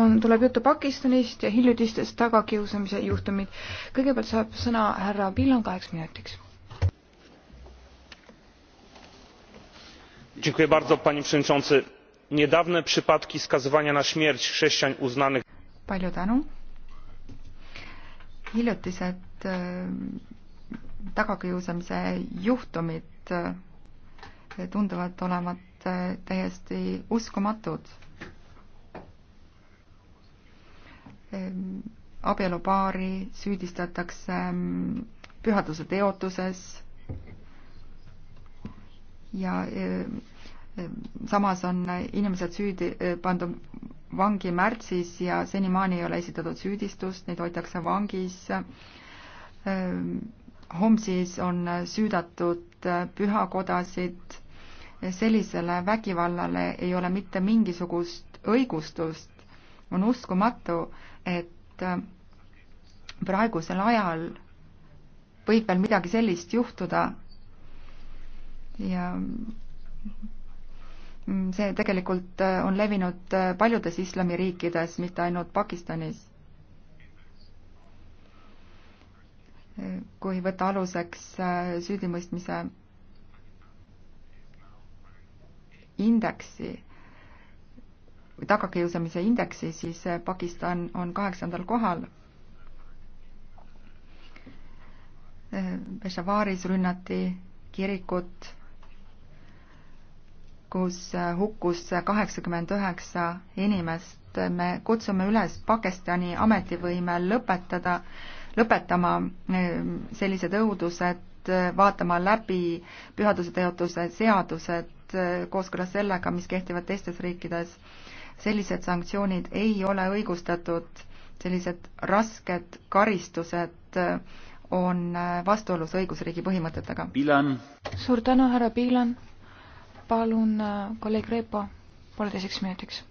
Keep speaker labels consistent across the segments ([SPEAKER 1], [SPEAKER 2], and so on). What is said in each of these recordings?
[SPEAKER 1] on, tuleb juttu Pakistanist ja hiljutistest tagakiusamise juhtumid. kõigepealt saab sõna härra Pillan kaheks minutiks. panie przewodniczący! niedawne przypadki skazywania na śmierć chrześcijan uznanych.
[SPEAKER 2] palju tänu. hiljutised e, tagakiusamise juhtumid e, tunduvad olevat e, täiesti uskumatud abielupaari süüdistatakse pühaduse teotuses ja samas on inimesed süüdi eh, pandud vangi märtsis ja senimaani ei ole esitatud süüdistust, neid hoitakse vangis. Homsis on süüdatud eh, pühakodasid. sellisele vägivallale ei ole mitte mingisugust õigustust on uskumatu, et äh, praegusel ajal võib veel midagi sellist juhtuda ja mm, see tegelikult äh, on levinud äh, paljudes islamiriikides, mitte ainult Pakistanis. kui võtta aluseks süüdimõistmise indeksi või tagakiusamise indeksi, siis eh, Pakistan on kaheksandal kohal. Eh, Peshavaris rünnati kirikut, kus eh, hukkus kaheksakümmend üheksa inimest. me kutsume üles Pakistani ametivõime lõpetada, lõpetama sellised õudused, vaatama läbi pühaduseteotuse seadused kooskõlas sellega, mis kehtivad teistes riikides sellised sanktsioonid ei ole õigustatud, sellised rasked karistused äh, on äh, vastuolus õigusriigi põhimõtetega. suur tänu, härra Piilan.
[SPEAKER 3] palun, äh, kolleeg Reepo, pooleteiseks minutiks.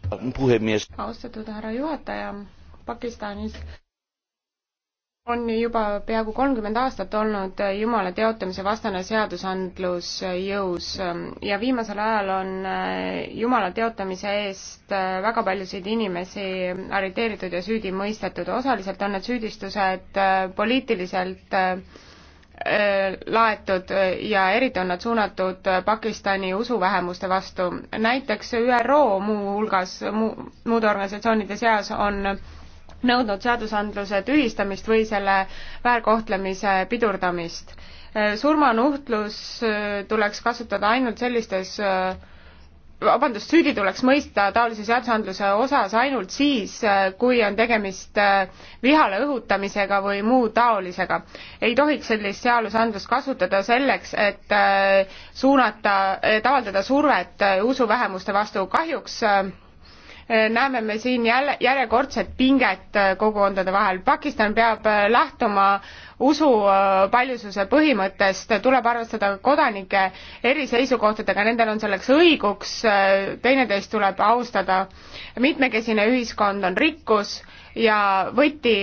[SPEAKER 3] austatud härra juhataja, Pakistanis on juba peaaegu kolmkümmend aastat olnud Jumala teotamise vastane seadusandlus jõus ja viimasel ajal on äh, Jumala teotamise eest äh, väga paljusid inimesi arreteeritud ja süüdi mõistetud. osaliselt on need süüdistused äh, poliitiliselt laetud ja eriti on nad suunatud Pakistani usuvähemuste vastu. näiteks ÜRO muuhulgas, muude organisatsioonide seas on nõudnud seadusandluse tühistamist või selle väärkohtlemise pidurdamist. Äh, surmanuhtlus äh, tuleks kasutada ainult sellistes äh, vabandust, süüdi tuleks mõista taolise seadusandluse osas ainult siis, kui on tegemist vihale õhutamisega või muu taolisega. ei tohiks sellist seadusandlust kasutada selleks, et suunata, et avaldada survet usuvähemuste vastu. kahjuks näeme me siin jälle järjekordset pinget äh, kogukondade vahel. Pakistan peab äh, lähtuma äh, usu paljususe põhimõttest, tuleb arvestada kodanike eriseisukohtadega, nendel on selleks õiguks, teineteist tuleb austada. mitmekesine ühiskond on rikkus ja võti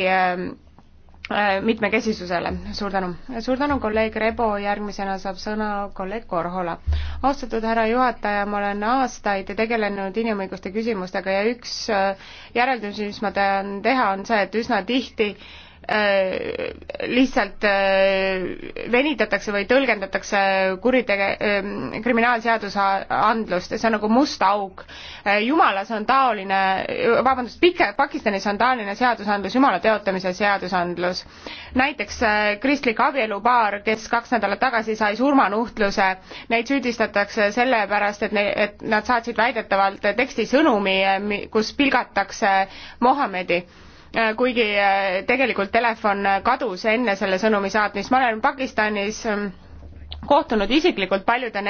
[SPEAKER 3] Äh, mitmekesisusele. suur tänu. suur tänu, kolleeg Rebo, järgmisena saab sõna kolleeg Korhola. austatud härra juhataja, ma olen aastaid tegelenud inimõiguste küsimustega ja üks äh, järeldus, mis ma tahan teha, on see, et üsna tihti äh, Äh, lihtsalt äh, venitatakse või tõlgendatakse kuritege-, ähm, kriminaalseaduse andlust ja see on nagu must auk. Äh, jumalas on taoline, vabandust, Pika-, Pakistanis on taoline seadusandlus jumala teotamise seadusandlus. näiteks kristlik abielupaar, kes kaks nädalat tagasi sai surmanuhtluse, neid süüdistatakse sellepärast, et ne-, et nad saatsid väidetavalt teksti sõnumi, kus pilgatakse Mohamedi Äh, kuigi äh, tegelikult telefon kadus enne selle sõnumi saatmist. ma olen Pakistanis ähm, kohtunud isiklikult paljude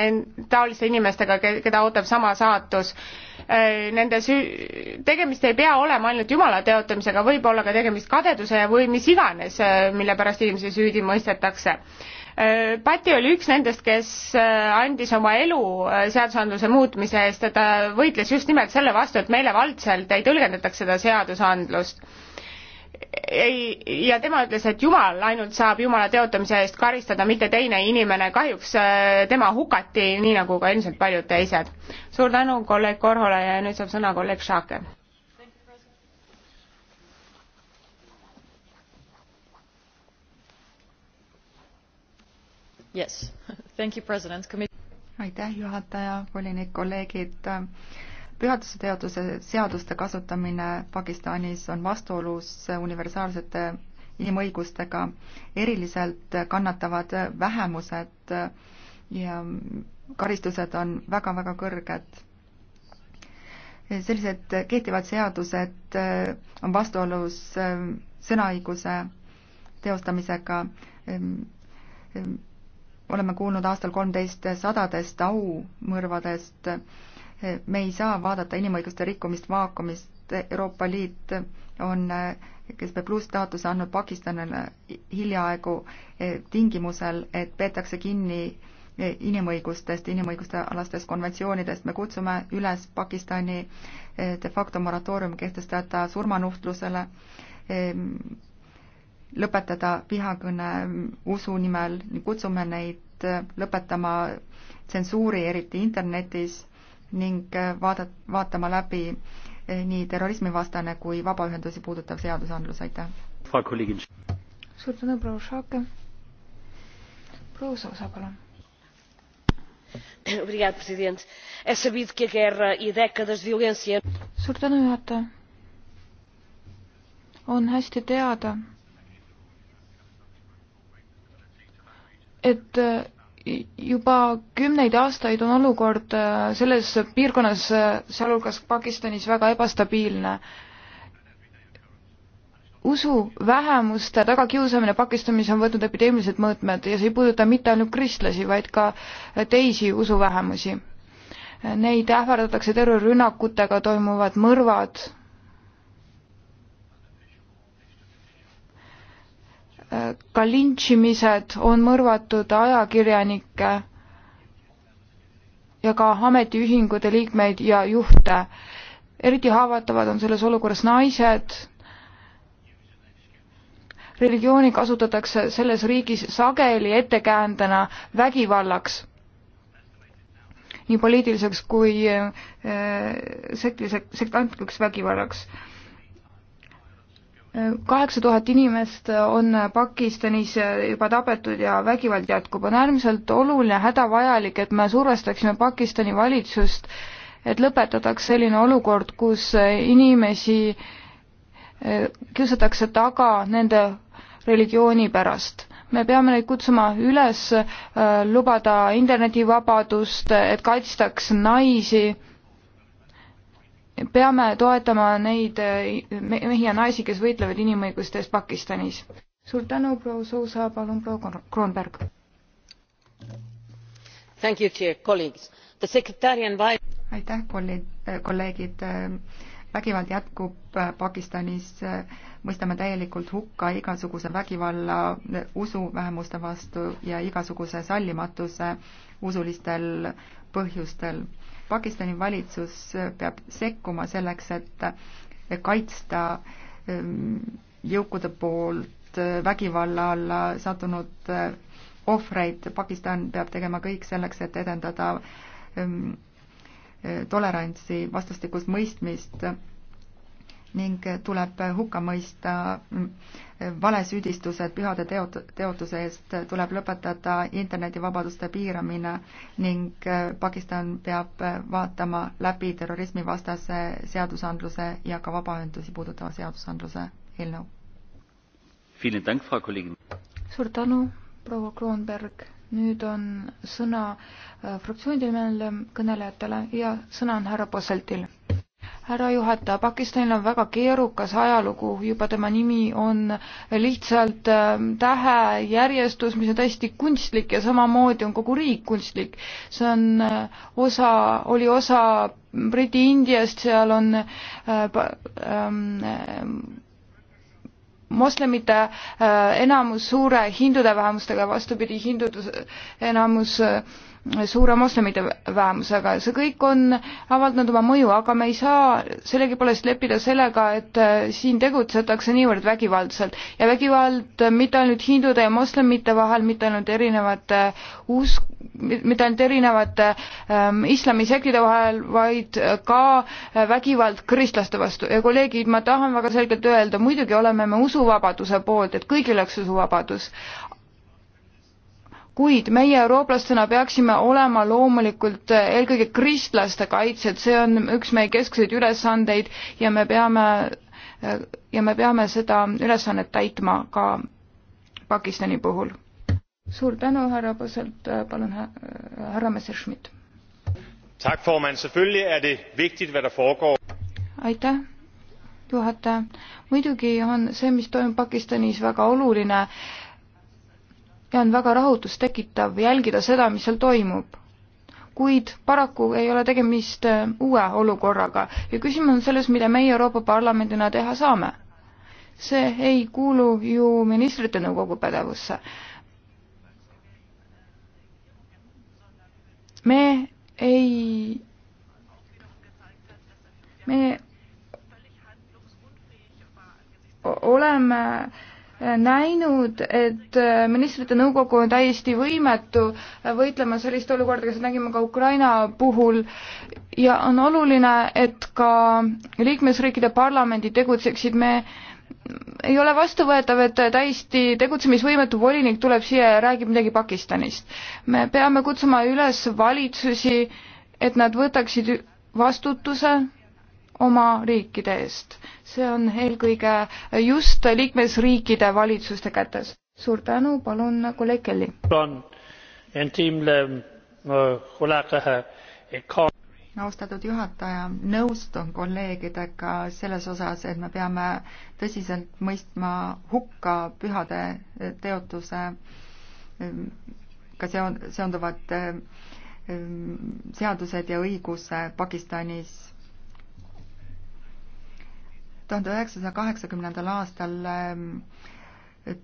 [SPEAKER 3] taoliste inimestega, keda ootab sama saatus. Äh, nende süü-, tegemist ei pea olema ainult jumala teotamisega, võib olla ka tegemist kadeduse või mis iganes, mille pärast inimesi süüdi mõistetakse Pati oli üks nendest, kes andis oma elu seadusandluse muutmise eest ja ta võitles just nimelt selle vastu, et meelevaldselt ei tõlgendataks seda seadusandlust ei, ja tema ütles, et Jumal ainult saab Jumala teotamise eest karistada, mitte teine inimene, kahjuks äh, tema hukati, nii nagu ka ilmselt paljud teised. suur tänu kolleeg Korhole ja nüüd saab sõna kolleeg Šake.
[SPEAKER 2] Yes. aitäh, juhataja, volinik, kolleegid pühaduse teaduse seaduste kasutamine Pakistanis on vastuolus universaalsete inimõigustega, eriliselt kannatavad vähemused ja karistused on väga-väga kõrged. sellised kehtivad seadused on vastuolus sõnaõiguse teostamisega. oleme kuulnud aastal kolmteist sadadest aumõrvadest me ei saa vaadata inimõiguste rikkumist vaakumist, Euroopa Liit on, kes peab plussstaatuse andnud Pakistanile hiljaaegu tingimusel, et peetakse kinni inimõigustest, inimõiguste alastest konventsioonidest, me kutsume üles Pakistani de facto moratooriumi kehtestada surmanuhtlusele, lõpetada vihakõne usu nimel, kutsume neid lõpetama tsensuuri, eriti internetis ning äh, vaada, vaatama läbi äh, nii terrorismivastane kui vabaühendusi puudutav seadusandlus, aitäh. suur tänu, proua Šake.
[SPEAKER 1] proua Soosa, palun.
[SPEAKER 3] E
[SPEAKER 1] suur tänu, juhataja. on hästi teada, et äh, juba kümneid aastaid on olukord äh, selles piirkonnas, äh, sealhulgas Pakistanis, väga ebastabiilne. usuvähemuste tagakiusamine Pakistanis on võtnud epideemilised mõõtmed ja see ei puuduta mitte ainult kristlasi, vaid ka teisi usuvähemusi. Neid ähvardatakse terrorirünnakutega, toimuvad mõrvad ka lintšimised on mõrvatud ajakirjanikke ja ka ametiühingute liikmeid ja juhte. eriti haavatavad on selles olukorras naised, religiooni kasutatakse selles riigis sageli ettekäändena vägivallaks, nii poliitiliseks kui eh, sektiliseks, sektantlikuks vägivallaks kaheksa tuhat inimest on Pakistanis juba tapetud ja vägivald jätkub. on äärmiselt oluline, hädavajalik, et me survestaksime Pakistani valitsust, et lõpetataks selline olukord, kus inimesi eh, kiusatakse taga nende religiooni pärast me peame neid kutsuma üles eh, lubada internetivabadust, et kaitstaks naisi peame toetama neid eh, mehi ja naisi, kes võitlevad inimõiguste eest Pakistanis. suur tänu, proua Sousa, palun proua
[SPEAKER 2] Kroonberg. aitäh, eh, kolleegid vägivald jätkub eh, Pakistanis, mõistame täielikult hukka igasuguse vägivalla usuvähemuste vastu ja igasuguse sallimatuse usulistel põhjustel. Pakistani valitsus peab sekkuma selleks, et kaitsta ähm, jõukude poolt äh, vägivalla alla sattunud äh, ohvreid. Pakistan peab tegema kõik selleks, et edendada ähm, äh, tolerantsi, vastastikust mõistmist ning tuleb hukka mõista valesüüdistused pühade teot-, teotuse eest, tuleb lõpetada internetivabaduste piiramine ning äh, Pakistan peab äh, vaatama läbi terrorismivastase seadusandluse ja ka vabaühendusi puudutava seadusandluse eelnõu. suur tänu,
[SPEAKER 1] proua Kroonberg nüüd on sõna äh, fraktsioonide nimel kõnelejatele ja sõna on härra Posseltil härra juhataja, Pakistanil on väga keerukas ajalugu, juba tema nimi on lihtsalt äh, tähe järjestus, mis on täiesti kunstlik ja samamoodi on kogu riik kunstlik. see on äh, osa, oli osa Briti-Indiast, seal on äh, ähm, äh, moslemite äh, enamus suure hindude vähemustega, vastupidi, hindud enamus äh, suure moslemite vähemusega, see kõik on avaldanud oma mõju, aga me ei saa sellegipoolest leppida sellega, et äh, siin tegutsetakse niivõrd vägivaldselt ja vägivald mitte ainult hindude ja moslemite vahel, mitte ainult erinevate äh, usk-, mitte ainult erinevate ähm, islamisektide vahel, vaid ka äh, vägivald kristlaste vastu ja kolleegid, ma tahan väga selgelt öelda, muidugi oleme me usuvabaduse poolt, et kõigil oleks usuvabadus, kuid meie eurooplastena peaksime olema loomulikult eelkõige kristlaste kaitsjad, see on üks meie keskseid ülesandeid ja me peame ja me peame seda ülesannet täitma ka Pakistani puhul. suur tänu, härra Põselt, palun härra Messerschmidt. Er aitäh, juhataja. muidugi on see, mis toimub Pakistanis, väga oluline ja on väga rahutustekitav jälgida seda, mis seal toimub. kuid paraku ei ole tegemist äh, uue olukorraga ja küsimus on selles, mida meie Euroopa Parlamendina teha saame. see ei kuulu ju ministrite nõukogu pädevusse. me ei, me oleme äh, näinud, et äh, ministrite nõukogu on täiesti võimetu äh, võitlema sellist olukorda, kas nägime ka Ukraina puhul, ja on oluline, et ka liikmesriikide parlamendid tegutseksid, me ei ole vastuvõetav, et täiesti tegutsemisvõimetu volinik tuleb siia ja räägib midagi Pakistanist. me peame kutsuma üles valitsusi, et nad võtaksid vastutuse oma riikide eest. see on eelkõige just liikmesriikide valitsuste kätes. suur tänu, palun kolleeg Kelly.
[SPEAKER 2] Äh, e austatud juhataja, nõustun kolleegidega selles osas, et me peame tõsiselt mõistma hukka pühade teotuse ähm, ka seon-, seonduvad ähm, seadused ja õigus Pakistanis tuhande üheksasaja kaheksakümnendal aastal ähm,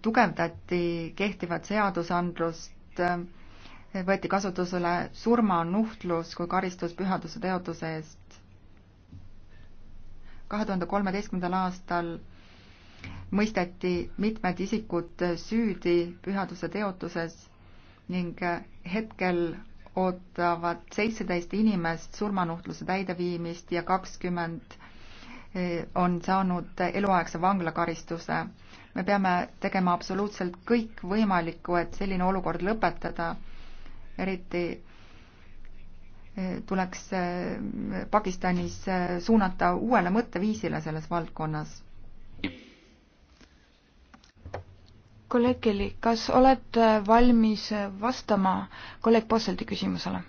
[SPEAKER 2] tugevdati kehtivat seadusandlust, ähm, võeti kasutusele surmanuhtlus kui karistus pühaduse teotuse eest. kahe tuhande kolmeteistkümnendal aastal mõisteti mitmed isikud süüdi pühaduse teotuses ning äh, hetkel ootavad seitseteist inimest surmanuhtluse täideviimist ja kakskümmend 20 on saanud eluaegse vanglakaristuse. me peame tegema absoluutselt kõik võimalikku, et selline olukord lõpetada, eriti eh, tuleks eh, Pakistanis eh, suunata uuele mõtteviisile selles valdkonnas kolleeg Kelly, kas oled
[SPEAKER 1] valmis vastama kolleeg Posseldi küsimusele?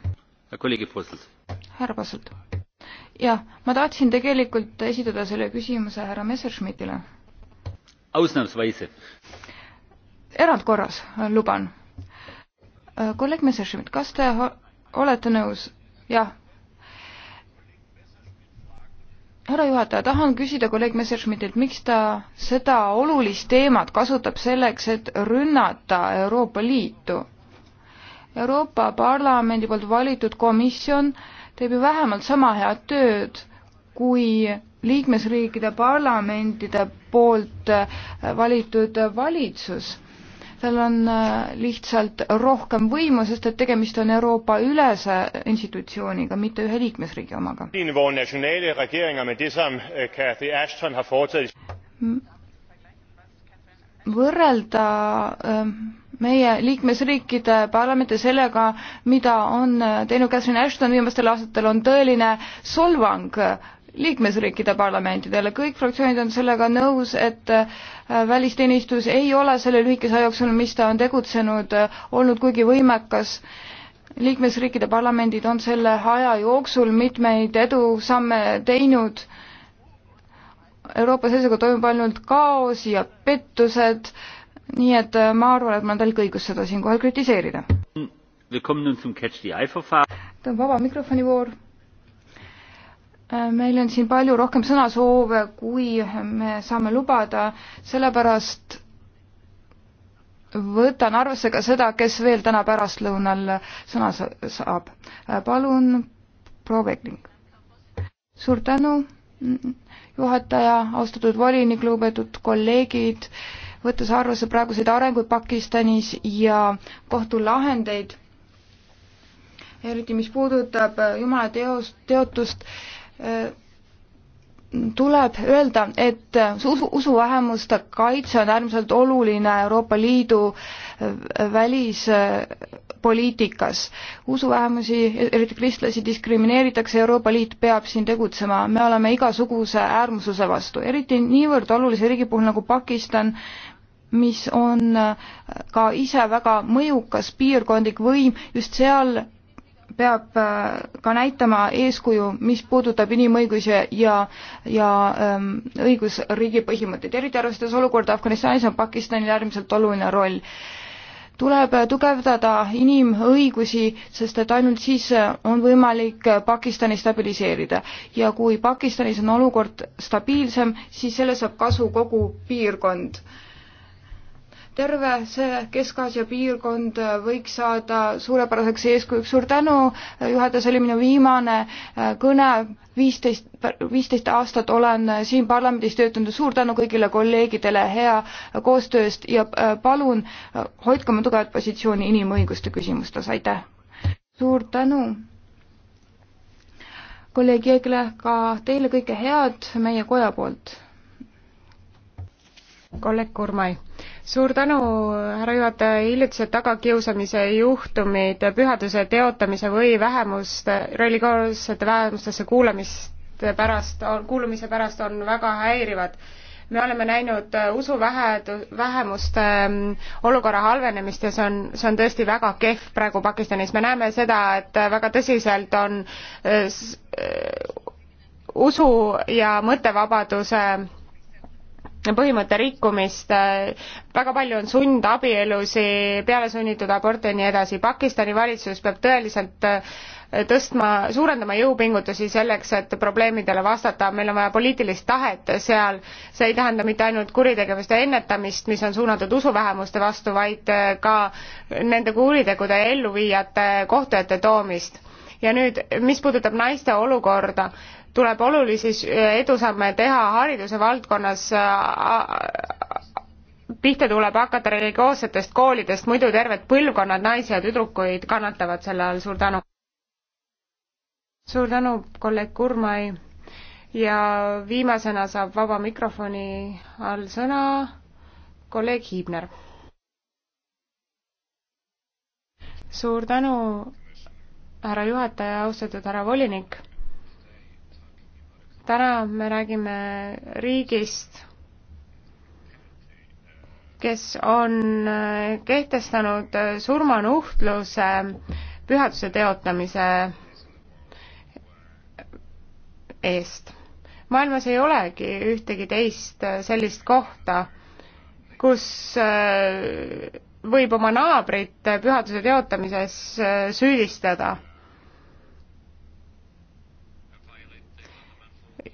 [SPEAKER 2] kolleeg Posselt. härra Posselt
[SPEAKER 1] jah, ma tahtsin tegelikult esitada selle küsimuse härra Messerschmidtile. erandkorras, luban. kolleeg Messerschmidt, kas te olete nõus? jah. härra juhataja, tahan küsida kolleeg Messerschmidtilt, miks ta seda olulist teemat kasutab selleks, et rünnata Euroopa Liitu? Euroopa Parlamendi poolt valitud komisjon äh, teeb ju vähemalt sama head tööd kui liikmesriikide parlamentide poolt äh, valitud valitsus. tal on äh, lihtsalt rohkem võimu, sest et tegemist on Euroopa ülese institutsiooniga, mitte ühe liikmesriigi omaga. Øh, võrrelda ähm, meie liikmesriikide parlamente sellega, mida on teinud Catherine Ashton viimastel aastatel, on tõeline solvang liikmesriikide parlamentidele, kõik fraktsioonid on sellega nõus, et äh, välisteenistus ei ole selle lühikese aja jooksul, mis ta on tegutsenud, äh, olnud kuigi võimekas liikmesriikide parlamendid on selle aja jooksul mitmeid edusamme teinud. Euroopa seisuga toimub ainult kaos ja pettused nii et äh, ma arvan, et mul on täielik õigus seda siinkohal kritiseerida.
[SPEAKER 2] Mm,
[SPEAKER 1] ta on vaba mikrofoni voor. Äh, meil on siin palju rohkem sõnasoove, kui me saame lubada, sellepärast võtan arvesse ka seda, kes veel täna pärastlõunal sõna saab. Äh, palun, proua Vekling. suur tänu, mm, juhataja, austatud volinik, lugupeetud kolleegid võttes arvesse praeguseid arenguid Pakistanis ja kohtulahendeid, eriti mis puudutab äh, Jumala teost, teotust, äh, tuleb öelda, et usu, äh, usuvähemuste kaitse on äärmiselt oluline Euroopa Liidu välispoliitikas. usuvähemusi, eriti kristlasi, diskrimineeritakse, Euroopa Liit peab siin tegutsema, me oleme igasuguse äärmususe vastu, eriti niivõrd olulise riigi puhul nagu Pakistan, mis on ka ise väga mõjukas piirkondlik võim, just seal peab äh, ka näitama eeskuju, mis puudutab inimõigusi ja, ja ähm, õigusriigi põhimõtteid, eriti arvestades olukorda Afganistanis on Pakistanil äärmiselt oluline roll. tuleb tugevdada inimõigusi, sest et ainult siis äh, on võimalik äh, Pakistani stabiliseerida ja kui Pakistanis on olukord stabiilsem, siis sellest saab kasu kogu piirkond terve see Kesk-Aasia piirkond võiks saada suurepäraseks eeskujuks. suur tänu, juhataja, see oli minu viimane äh, kõne, viisteist, viisteist aastat olen siin parlamendis töötanud, suur tänu kõigile kolleegidele hea koostöö eest ja äh, palun äh, hoidke oma tugevat positsiooni inimõiguste küsimustes, aitäh! suur tänu! kolleeg Jeegle, ka teile kõike head meie koja poolt!
[SPEAKER 3] kolleeg Kurmai suur tänu, härra juhataja, hiljutised tagakiusamise juhtumid, pühaduse teotamise või vähemuste, religioossete vähemustesse kuulamist pärast, kuulumise pärast on väga häirivad me oleme näinud äh, usuvähemuste mm, olukorra halvenemist ja see on, see on tõesti väga kehv praegu Pakistanis. me näeme seda, et äh, väga tõsiselt on äh, usu ja mõttevabaduse põhimõtte rikkumist, väga palju on sundabielusi, pealesunnitud aborte ja nii edasi. Pakistani valitsus peab tõeliselt äh, tõstma, suurendama jõupingutusi selleks, et probleemidele vastata, meil on vaja poliitilist tahet seal, see ei tähenda mitte ainult kuritegevuste ennetamist, mis on suunatud usuvähemuste vastu, vaid äh, ka nende kuritegude elluviijate kohtu ette toomist ja nüüd, mis puudutab naiste olukorda, tuleb olulisi edusamme teha hariduse valdkonnas pihta äh, äh, tuleb hakata religioossetest koolidest, muidu terved põlvkonnad naisi ja tüdrukuid kannatavad selle all, suur tänu. suur tänu, kolleeg Kurmai. ja viimasena saab vaba mikrofoni all sõna kolleeg Hiibner. suur tänu, härra juhataja, austatud härra volinik täna me räägime riigist, kes on kehtestanud surmanuhtluse pühaduse teotamise eest. maailmas ei olegi ühtegi teist sellist kohta, kus äh, võib oma naabrit pühaduse teotamises äh, süüdistada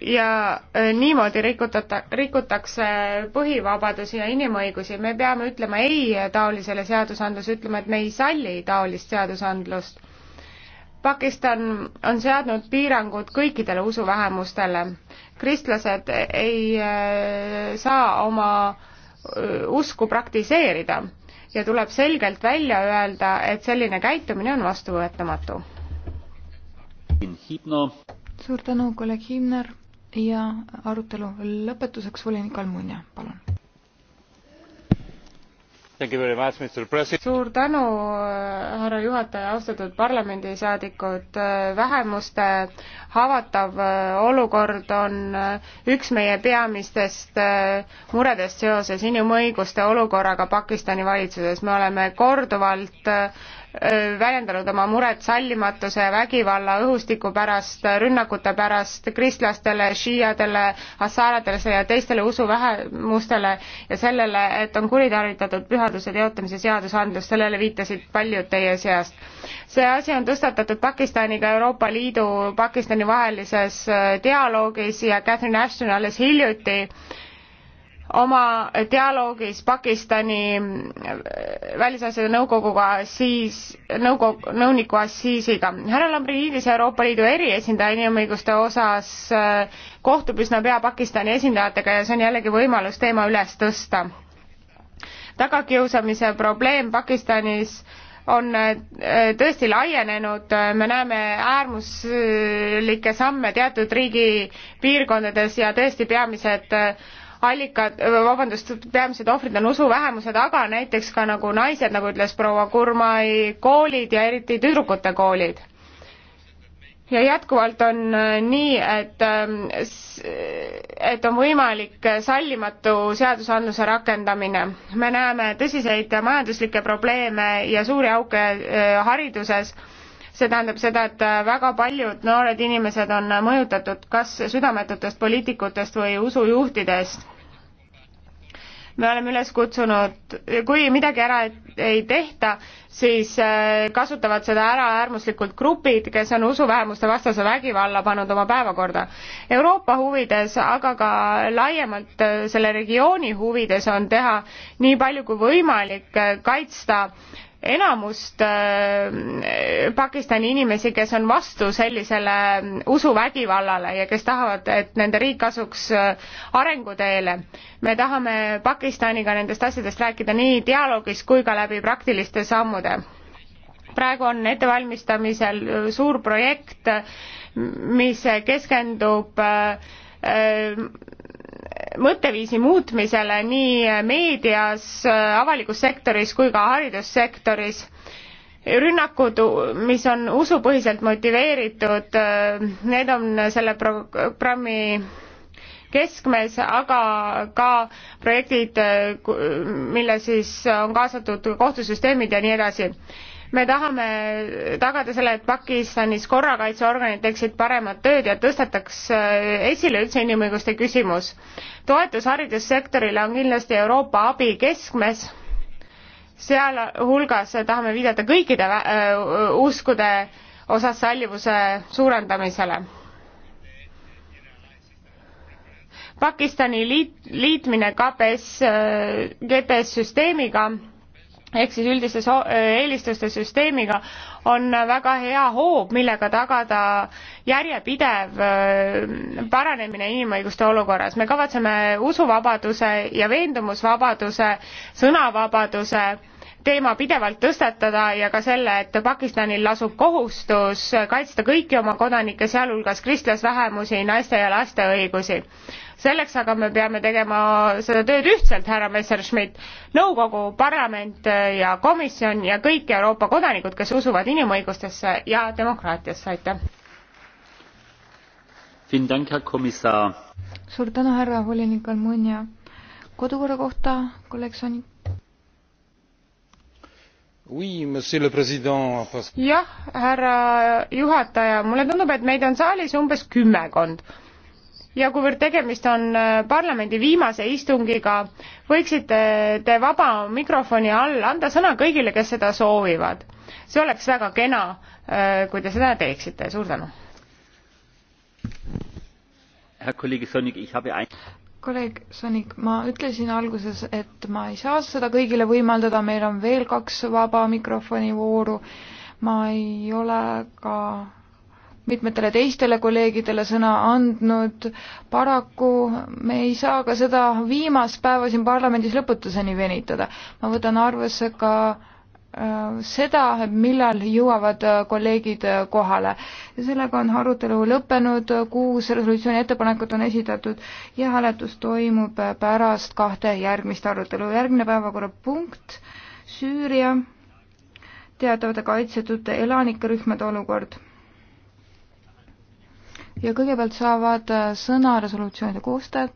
[SPEAKER 3] ja äh, niimoodi rikutata, rikutakse põhivabadusi ja inimõigusi, me peame ütlema ei taolisele seadusandlusele, ütlema, et me ei salli taolist seadusandlust. Pakistan on seadnud piirangud kõikidele usuvähemustele. kristlased ei äh, saa oma äh, usku praktiseerida ja tuleb selgelt välja öelda, et selline käitumine on vastuvõetamatu
[SPEAKER 1] suur tänu, kolleeg Himner ja arutelu lõpetuseks volinik Almunia, palun. suur
[SPEAKER 3] tänu, härra juhataja, austatud parlamendisaadikud, vähemuste haavatav olukord on üks meie peamistest muredest seoses inimõiguste olukorraga Pakistani valitsuses, me oleme korduvalt väljendanud oma muret sallimatuse ja vägivalla õhustiku pärast, rünnakute pärast kristlastele, šiiadele, hassaaradele ja teistele usuvähemustele ja sellele, et on kuritarvitatud pühaduse teotamise seadusandlust, sellele viitasid paljud teie seast. see asi on tõstatatud Pakistaniga Euroopa Liidu, Pakistani vahelises dialoogis ja Catherine Ashton alles hiljuti oma dialoogis Pakistani välisasjade nõukoguga siis, nõukogu, nõuniku Assisiga. härra Lambrinidis, Euroopa Liidu eriesindaja inimõiguste osas, äh, kohtub üsna pea Pakistani esindajatega ja see on jällegi võimalus teema üles tõsta. tagakiusamise probleem Pakistanis on äh, tõesti laienenud, me näeme äärmuslikke samme teatud riigi piirkondades ja tõesti peamised äh, allikad, vabandust, peamised ohvrid on usuvähemused, aga näiteks ka nagu naised, nagu ütles proua Kurmai, koolid ja eriti tüdrukute koolid. ja jätkuvalt on äh, nii, et, ähm, et on võimalik äh, sallimatu seadusandluse rakendamine. me näeme tõsiseid majanduslikke probleeme ja suuri auke äh, hariduses see tähendab seda, et väga paljud noored inimesed on mõjutatud kas südametutest poliitikutest või usujuhtidest me oleme üles kutsunud, kui midagi ära ei tehta, siis äh, kasutavad seda ära äärmuslikud grupid, kes on usuvähemuste vastase vägivalla pannud oma päevakorda. Euroopa huvides, aga ka laiemalt äh, selle regiooni huvides on teha nii palju kui võimalik äh, kaitsta enamust äh, Pakistani inimesi, kes on vastu sellisele usuvägivallale ja kes tahavad, et nende riik asuks äh, arenguteele. me tahame Pakistaniga nendest asjadest rääkida nii dialoogis kui ka läbi praktiliste sammude. praegu on ettevalmistamisel äh, suur projekt, mis keskendub mõtteviisi muutmisele nii meedias, avalikus sektoris kui ka haridussektoris. rünnakud, mis on usupõhiselt motiveeritud, need on selle programmi keskmes, aga ka projektid, mille siis on kaasatud kohtusüsteemid ja nii edasi me tahame tagada selle, et Pakistanis korrakaitseorganid teeksid paremat tööd ja tõstetaks äh, esile üldse inimõiguste küsimus. toetus haridussektorile on kindlasti Euroopa abi keskmes, sealhulgas tahame viidata kõikide äh, uskude osas sallivuse suurendamisele pakistani liit, liitmine KPS, äh, GPS süsteemiga ehk siis üldiste äh, eelistuste süsteemiga on väga hea hoob, millega tagada järjepidev äh, paranemine inimõiguste olukorras. me kavatseme usuvabaduse ja veendumusvabaduse, sõnavabaduse teema pidevalt tõstatada ja ka selle, et Pakistanil lasub kohustus kaitsta kõiki oma kodanikke, sealhulgas kristlasvähemusi, naiste ja laste õigusi. selleks aga me peame tegema seda tööd ühtselt, härra Messerschmidt, nõukogu, parlament ja komisjon ja kõik Euroopa kodanikud, kes usuvad inimõigustesse ja demokraatiasse, aitäh!
[SPEAKER 1] suur tänu, härra volinik Almunia!
[SPEAKER 3] kodukorra kohta kolleeg Sonik jah, härra juhataja, mulle tundub, et meid on saalis umbes kümmekond ja kuivõrd tegemist on äh, parlamendi viimase istungiga, võiksite äh, te vaba mikrofoni all anda sõna kõigile, kes seda soovivad. see oleks väga kena, äh, kui te seda teeksite, suur tänu kolleeg Sonik, ma
[SPEAKER 1] ütlesin alguses, et ma ei saa seda kõigile võimaldada, meil on veel kaks vaba mikrofoni vooru. ma ei ole ka mitmetele teistele kolleegidele sõna andnud. paraku me ei saa ka seda viimast päeva siin parlamendis lõputuseni venitada. ma võtan arvesse ka äh, Äh, seda, millal jõuavad äh, kolleegid äh, kohale. ja sellega on arutelu lõppenud, kuus resolutsiooni ettepanekut on esitatud ja hääletus toimub pärast kahte järgmist arutelu. järgmine päevakorrapunkt, Süüria teatavate kaitsetud elanikerühmade olukord. ja kõigepealt saavad sõna resolutsioonide koostajad,